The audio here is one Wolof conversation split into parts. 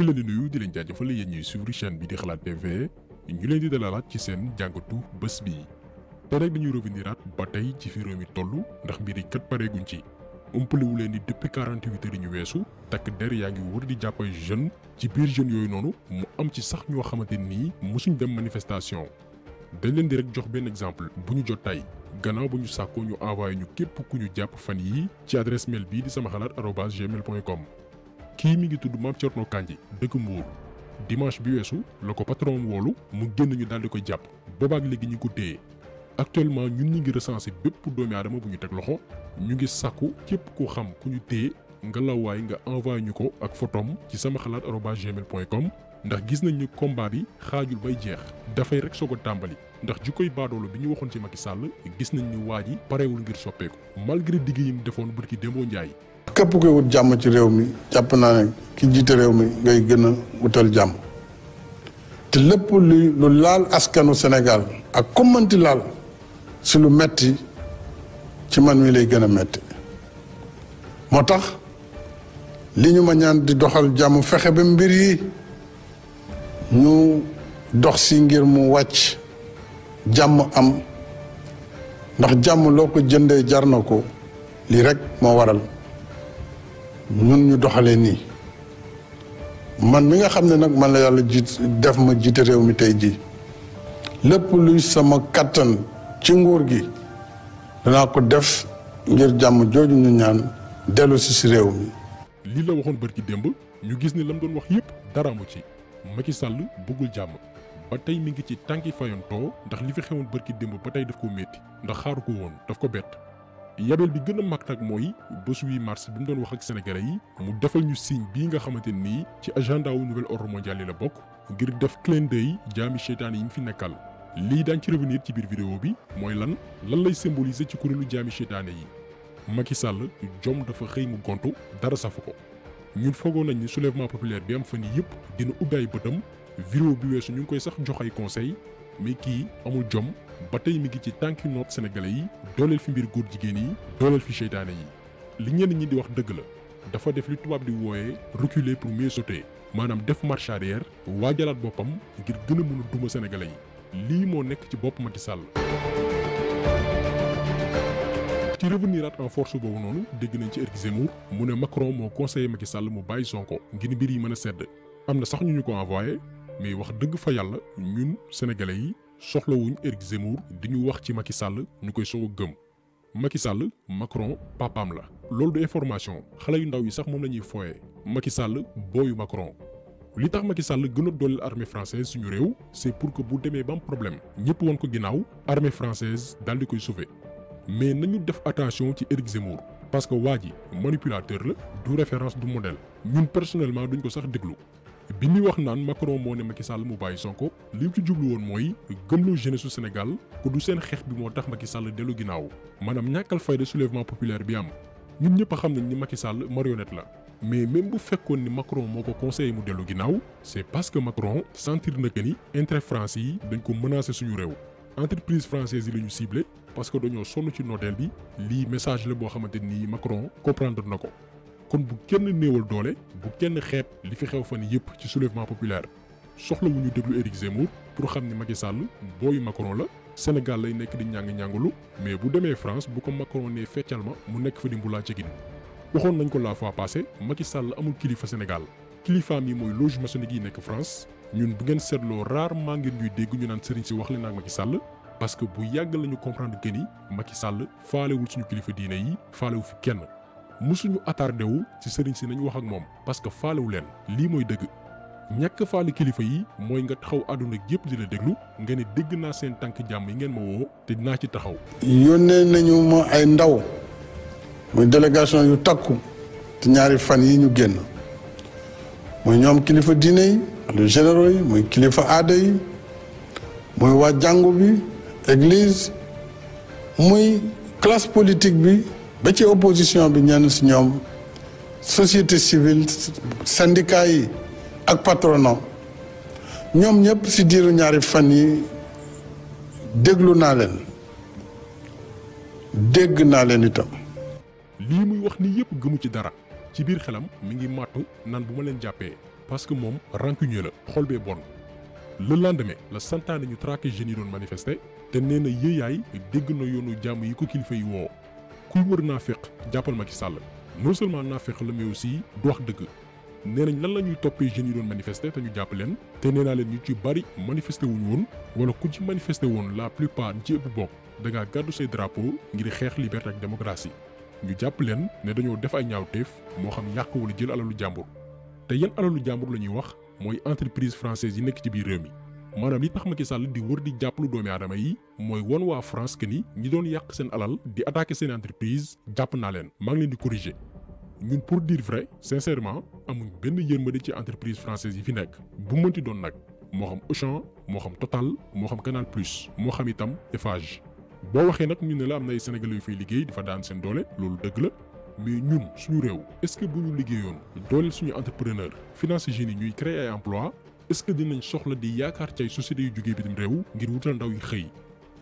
ngi leen di nuyu di leen jaajëfal yéen ñuy suivre chaîne bi di xalaat TV ñu leen di dalalaat ci seen jàngatu bés bi te bi ñu reveniraat ba tey ci fi réew mi toll ndax mbir yi kat pareeguñ ci umpaliwu leen ni depuis 48 heures yi ñu weesu takk der yaa ngi wër di jàpp jeune jeunes ci biir jeunes yooyu noonu mu am ci sax ñoo xamante nii mosuñ dem manifestation dañ leen di rek jox benn exemple bu ñu jot tey gannaaw bu ñu sàkkoo ñu envoyé ñu képp ku ñu jàpp fan yii ci adresse mail bii di sama xalaat arobase gmail point com kii mi ngi tudd mam Thierno kanji dëkk Mbour dimanche bi weesu la patron wolu mu génn ñu Jap. di ko jàpp boobaak léegi ñu ko téye actuellement ñun ñi ngi recensé bépp doomi aadama bu ñu teg loxo ñu ngi sàkku képp ku xam ku ñu téye nga lawaay nga envoyé ñu ko ak photom ci sama xalaat arobase gmail com ndax gis nañ ni combat bi xaajul bay jeex dafay rek soog a tàmbali ndax ji koy bi ñu waxoon ci Macky Sall gis nañ ni waa ji parewul ngir soppeeku malgré defoon képp koy wut jàmm ci réew mi jàpp naa ne ki jiite réew mi ngay gën a wutal jàmm te lépp lu lu laal askanu Sénégal ak kommanti laal si lu metti ci man wi lay gën a metti moo tax li ñu ma ñaan di doxal jàmm fexe ba mbir yi ñu dox si ngir mu wàcc jàmm am ndax jàmm loo ko jëndee jar na ko lii rekk moo waral ñun ñu doxalee nii man mi nga xam ne nag man la yàlla jiit def ma jiite réew mi tey jii lépp luy sama kattan ci nguur gi danaa ko def ngir jàmm jooju ñu ñaan dellu si si réew mi. lii la waxoon bërki démb ñu gis ni lam doon wax yépp dara mu ci Macky Sall bëggul jàmm ba tey mi ngi ci tànki fayontoo ndax li fi xewoon ki démb ba tey daf ko métti ndax xaaru ko woon daf ko bett. yabeel bi gën a mag nag mooy bés 8 mars bi mu doon wax ak sénégalais yi mu defal ñu signe bii nga xamante nii ci agenda wu nouvel ordre mondial yi la bokk ngir def clin d'œil jaami seytaane yi mu fi nekkal lii daañ ci revenir ci biir vidéo bi mooy lan lan lay symboliser ci kuréelu jaami seytaane yi Macky Sall jom dafa xëy mu gontu dara safu ko ñun foogoon nañ ni soulèvement populaire bi am fan yii yëpp dina ubbi ay bëtam vidéo bi weesu ñu ngi koy sax jox ay conseil kii amul jom ba tey mi ngi ci tànki noot sénégalais yi dooleel fi mbir góor jigéen yi dooleel fi seytaane yi li ñenn ñi di wax dëgg la dafa def li tubaab di wooyee reculer pour mieux sauter maanaam def marche waa jalaat boppam ngir gën a duma sénégalais yi lii moo nekk ci bopp Macky Sall ci revenir at en force boobu noonu dégg nañ ci Éric Zemmour mu ne Macron moo conseillé Macky Sall mu bàyyi Sonko ngir mbir yi mën a sedd am na sax ñu ñu ko envoyé mais wax dëgg fa yàlla ñun sénégalais yi soxlawuñ Éric Zemmour diñu wax ci Macky Sall ñu koy soog a gëm Macky Sall Macron papam la. lolou de information xale yu ndaw yi sax mom lañuy ñuy Macky Sall boyu Macron li tax Macky Sall gën a l'armée française suñu réew c'est pour que bu démé bam problème ñepp won ko ginaaw armée française dal di koy sauver mais nañu def attention ci Éric Zemmour. parce que waji manipulateur la du référence du modèle ñun personnellement duñ ko sax déglu bi ñuy wax naan Macron moo ne Macky Sall mu bàyyi Sonko lim ci jublu woon mooy gëmloo jeunesse su Sénégal ko du seen xeex bi moo tax Macky Sall dellu ginnaaw maanaam ñàkkal fayda soulèvement populaire bi am ñun ñëpp xam nañ ni Macky Sall marionnette la mais même bu fekkoon ni Macron moo ko conseillé mu c'est parce que Macron sentir na que ni intérêt français yi dañ ko menacer suñu réew entreprise française yi la ñu ciblé parce que dañoo sonn ci nooteel bi lii message la boo xamante ni Macron comprendre na ko kon bu kenn néewal doole bu kenn xeeb li fi xew fan yëpp ci soulèvement populaire soxlawuñu déglu Éric Zemmour pour xam ni Macky Sall booyu Macron la Sénégal lay nekk di ñàng-ñàngulu mais bu demee France bu ko Macron nee feccal mu nekk fa di mbulaace gi waxoon nañ ko la fois passée Macky Sall amul kilifa Sénégal kilifa mi mooy loge maçonnique yi nekk France ñun bu ngeen seetloo rarement ngeen ñuy dégg ñu naan sëriñ si wax leen ak Macky Sall parce que bu yàgg lañu comprendre que ni Macky Sall faalewul suñu kilifa diine yi faalewu fi kenn musuñu attardé wu ci sëriñ si nañu wax ak moom parce que faalewu leen lii mooy dëgg ñàkk faale kilifa yi mooy nga taxaw àdduna yépp di la déglu nga ne dégg naa seen tànk jàmm yi ngeen ma woo te dinaa ci taxaw. yónnee nañu ma ay ndaw muy délégation yu takku te ñaari fan yi ñu génn muy ñoom kilifa diine yi le généraux yi muy kilifa aada yi muy waa jàngu bi église muy classe politique bi. ba ci opposition bi ñenn si ñoom société civile syndicat yi ak patronat ñoom ñëpp si diiru ñaari fan yi déglu naa leen dégg naa leen itam. lii muy wax ni yëpp gëmu ci dara ci biir xelam mi ngi màttu nan bu ma leen jàppee parce que moom rancunier la xol bee bon. le lendemain la santaane ñu traqué jeunes yi doon manifester te nee na dégg na yoonu jàmm yi ko kilifa yi woo. kuy wër naa feq jàppal Macky Sall non seulement naa feq la mais aussi du wax dëgg nee nañ lan la ñuy toppee jeunes yi doon manifester te ñu jàpp leen te nee naa leen ñu ci bari manifester wuñu woon wala ku ci manifester woon la plupart ñi ci ëpp bokk da ngaa gàddu say drapeau ngir xeex liberté ak démocratie ñu jàpp leen ne dañoo def ay ñaawteef moo xam yàq wala jël alalu jàmbur te yan alalu jàmbur la ñuy wax mooy entreprise française yi nekk ci biir réew mi. maanaam li tax ma ci sàll di wër di jàppalu doomi aadama yi mooy won waa France que ni ñi doon yàq seen alal di attaquer seen entreprise jàpp naa leen maa ngi leen di corriger ñun pour dire vrai sincèrement amuñ benn yërmande ci entreprise française yi fi nekk bu mënti doon nag moo xam Auchan moo xam Total moo xam Canal Plus moo xam itam Eiffage boo waxee nag ñu ne la am na ay sénégalais yu fay liggéey dafa daan seen doole loolu dëgg la mais ñun suñu réew est bu ñu liggéeyoon dooleel suñu entrepreneur financer yi ñuy créer ay emploi est-ce que dinañ soxla di yaakaar ci ay sociétés yu jógee bitim réew ngir wutal ndaw yi xëy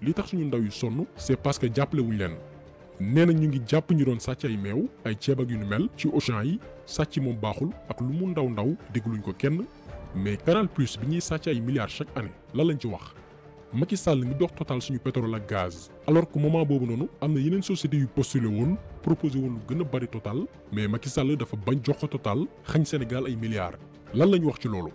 li tax suñu ndaw yu sonn c'est parce que jàppale wuñ leen nee na ñu ngi jàpp ñu doon sàcc ay meew ay ceeb ak yu nu mel ci Auchan yi sàcc moom baaxul ak lu mu ndaw ndaw dégluñ ko kenn mais Canal Plus bi ñuy sàcc ay milliards chaque année lan lañ ci wax Macky Sall ngi dox Total suñu pétrole ak gaz alors que moment boobu noonu am na yeneen sociétés yu postulé woon proposé woon lu gën a bari mais Macky Sall dafa bañ jox ko xañ Sénégal ay milliards lan lañ wax ci loolu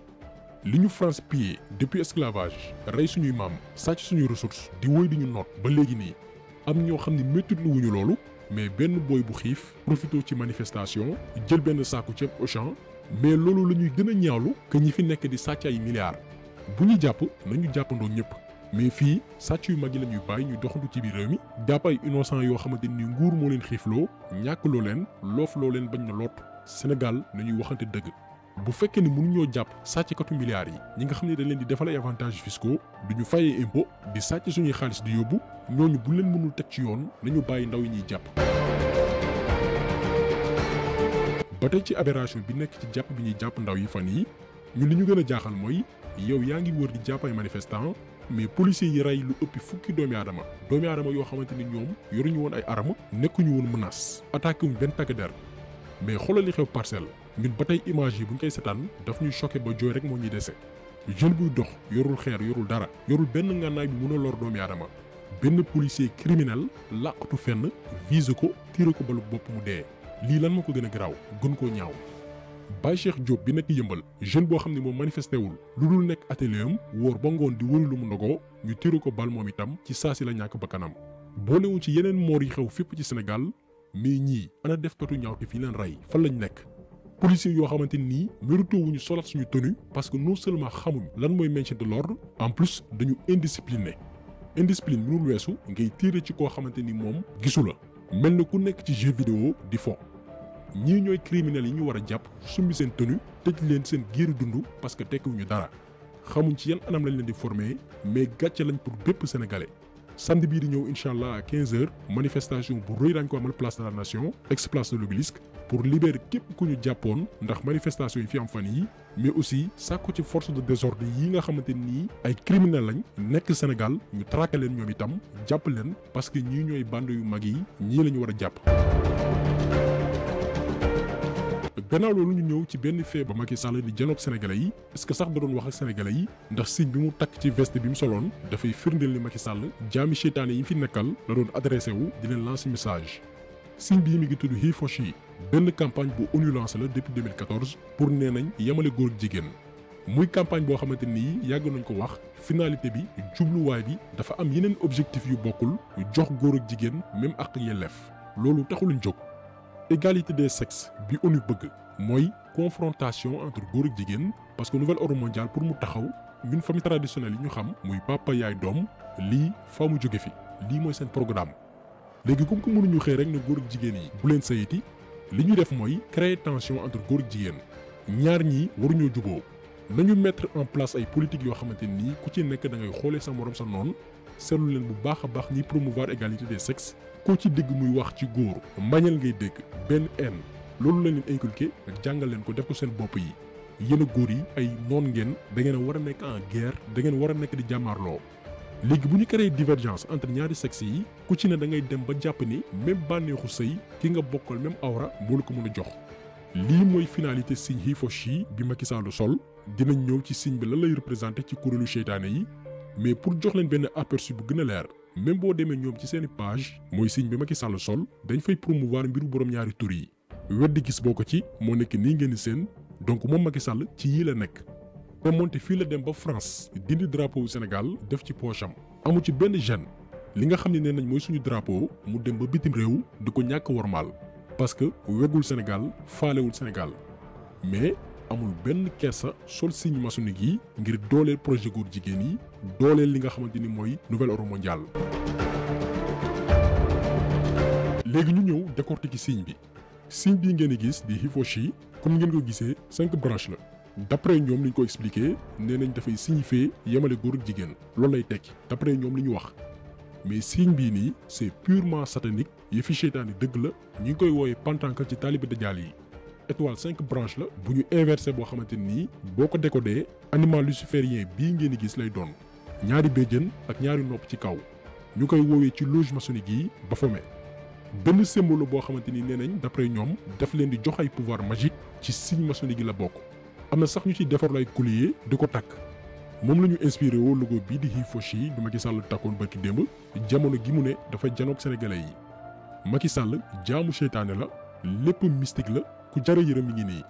liñu France pillé depuis esclavage ray suñu mam sàcc suñu ressources di woy diñu note ba légui ni am ño xamni ne lu wuñu lolu mais benn boy bu xiif profito ci manifestation jël benn saaku ceeb champ mais lolu la gëna gën a ñaawlu que ñi fi nekk di sàcc ay milliards bu ñu jàpp nañu jàppandoo ñëpp mais fii sàcc yu mag yi la ñuy bàyyi ñu doxantu ci biir réew mi jàpp ay innocent yoo xamante ni nguur moo leen xiifloo ñàkk loo leen loof loo leen bañ na loot Sénégal nañuy waxante dëgg bu fekkee ni mënuñoo jàpp sàcckatu milliards yi ñi nga xam ne dañ leen di defal ay avantages fiscaux du ñu fayee impôt di sàcc suñuy xaalis di yóbbu ñooñu bu leen mënul teg ci yoon nañu bàyyi ndaw yi ñuy jàpp ba ci aberration bi nekk ci jàpp bi ñuy jàpp ndaw yi fan yi ñu li ñu gën a jaaxal mooy yow yaa ngi wër di jàpp manifestant mais policiers yi rey lu ëppi fukki doomi aadama doomi aadama yoo xamante ni ñoom yoruñu woon ay armes nekkuñu woon menace attaqué benn takk der mais xoolal li parcelle ñun ba tey image yi bu ñu koy setaan daf ñuy choqué ba jooy rek moo ñuy dese jeune buy dox yorul xeer yorul dara yorul benn ngànnaay bi mun a lor doomu aadama benn policier criminel làqatu fenn vise ko tiiru ko balu bopp mu dee lii lan ma ko gën a garaaw gën koo ñaaw Baye Cheikh Diop bi nekk yëmbal jeune boo xam ne moom manifesté wul lu dul nekk atelier am wóor ba ngoon di wëri lu mu ndogoo ñu tiiru ko bal moom itam ci saa si la ñàkk bakkanam boolewuñ ci yeneen moor yi xew fépp ci Sénégal mais ñii ana defkatu ñaawte fi leen rey fan lañ nekk policiers yoo xamante nii mérité wuñu solaat suñu tenue parce que non seulement xamuñ lan mooy maintien de l'ordre en plus dañu indiscipliné indiscipline mënul weesu ngay tiire ci koo xamante ni moom gisu la mel na ku nekk ci jeu vidéo di fo ñii ñooy criminels yi ñu war a jàpp summi seen tenue tëj leen seen géeru dund parce que tekkiwuñu dara xamuñ ci yan anam lañ leen di former mais gàcce lañ pour bépp sénégalais samedi bi di ñëw inshallah à 15h manifestation bu rëy daañu ko amal place de la nation ex place de l'obélisque pour libérer képp ku ñu jàppoon ndax manifestation yi fi am fan yi mais aussi sakku ci force de désordre yi nga xamanteni nii ay criminel lañ nekk Sénégal ñu traquer leen ñom itam japp leen parce que ñi ñoy bande yu mag yi ñi la wara japp gannaaw loolu ñu ñëw ci benn fee ba Macky Sall di janoog sénégalais yi est-ce que sax da doon wax ak sénégalais yi ndax signe bi mu takk ci veste bi mu soloon dafay firndeel ni Macky Sall jaami seytaane yi fi nekkal la doon adressé wu di leen lancer message signe bii mi ngi tudd He benn campagne bu ONU lancé la depuis 2014 pour nee nañ yamale góor jigéen muy campagne boo xamante nii yàgg nañ ko wax finalité bi jubluwaay bi dafa am yeneen objectif yu bokkul jox góor ak jigéen même ak yelleef loolu taxuluñ jóg égalité des sexes bi ONU bëgg Moy confrontation entre góor ak parce que nouvelle ordre mondial pour mu taxaw ñun famille traditionnelle ñu xam moy papa yaay dom li faa mu fi li moy sen programme léegi comme que ñu xëy rek na góor ak jigéen yi bu len sayiti li ñu def moy créer tension entre góor ak jigéen ñaar waru ñu juboo nañu mettre en place ay politique yo xamanteni nii ku ci nek da ngay xolé sa morom sa non seetlu len bu baax baax promouvoir égalité des sexes ko ci dégg muy wax ci góor mbañal ngay dégg ben haine loolu la leen inculqué jàngal leen ko def ko seen bopp yi yéen a góor yi ay noon ngeen da ngeen a war a nekk en guerre da ngeen war a nekk di jàmmaarloo léegi bu ñu créé divergence entre ñaari sexe yi ku ci ne da dem ba jàpp ni même bànneexu sëy ki nga bokkal même awra moo ko mën a jox lii mooy finalité signe he for she bi Macky Sall sol dinañ ñëw ci signe bi lan lay représenté ci kuréelu seytaane yi mais pour jox leen benn aperçu bu gën a leer même boo demee ñoom ci seeni page mooy signe bi Macky Sall sol dañ fay promouvoir mbiru borom ñaari tur yi weddi gis boko ci mo nek ni ngeen sen donc mom Macky Sall ci yi la nek te moonte fii la dem ba France dindi drapeau du Sénégal def ci pocham amu ci benn jeune li nga xamni ne nañ suñu drapeau mu dem ba bitim rew di ko ñàkk parce que wegul Sénégal faalewul Sénégal mais amul benn kersa sol signe maçonnique ngir dooleel projet góor jigéen yi dooleel li nga xamante ni mooy nouvelle ordre mondial légui ñu ñëw décortiquer signe bi signe bii ngeen gis di hifoshi comme ngeen ko gisee cinq branches la d'après ñoom li ñu ko expliquer nee nañ dafay signifier yemale góor ak jigéen loolu lay tekki d'après ñoom li ñu wax mais signe bii nii c'est purement satanique yëfi seytaane dëgg la ñu ngi koy wooyee pantancle ci taalibe dajaal yi étoile cinq branches la bu ñu inversé boo xamante nii boo ko décodé animal luciférien bii ngeen gis lay doon ñaari béjjën ak ñaari nopp ci kaw ñu koy woowee ci loge maçonnique yi Baphomet benn symbole boo xamante ni nee nañ d'après ñoom daf leen di jox ay pouvoir magique ci signe maçonnique gi la bokk am na sax ñu ci defarlu lay collier di ko takk moom la ñu inspiré woo logo bii di Hifoshi bi Macky Sall takkoon bërki démb jamono gi mu ne dafa janoog sénégalais yi Macky Sall jaamu seytaane la lépp mystique la ku jara yërëm yi ngi nii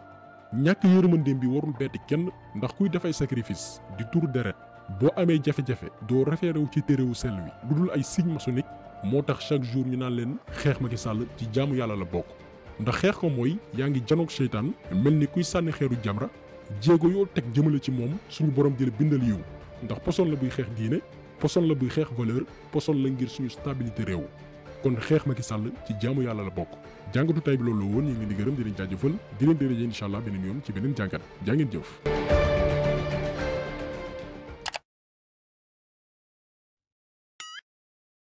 ñàkk yërëmandeem bi warul bett kenn ndax kuy def sacrifice di tur deret boo amee jafe-jafe doo référé wu ci téréwu sell wi lu ay signe maçonnique moo tax chaque jour ñu naan leen xeex ma Macky sàll ci jaamu yàlla la bokk ndax xeex ko mooy yaa ngi janoog seytaan mel ni kuy sànni xeeru jamra jéego yoo teg jëmale ci moom suñu borom di bindal yiw ndax poson la buy xeex diine poson la buy xeex valeur poson la ngir suñu stabilité réew kon xeex ki Sall ci jaamu yàlla la bokk jàngatu tay bi loolu woon ñu ngi leen di gërëm di leen jaajëfal di leen allah beneen yoon ci beneen jàngat jaa jëf.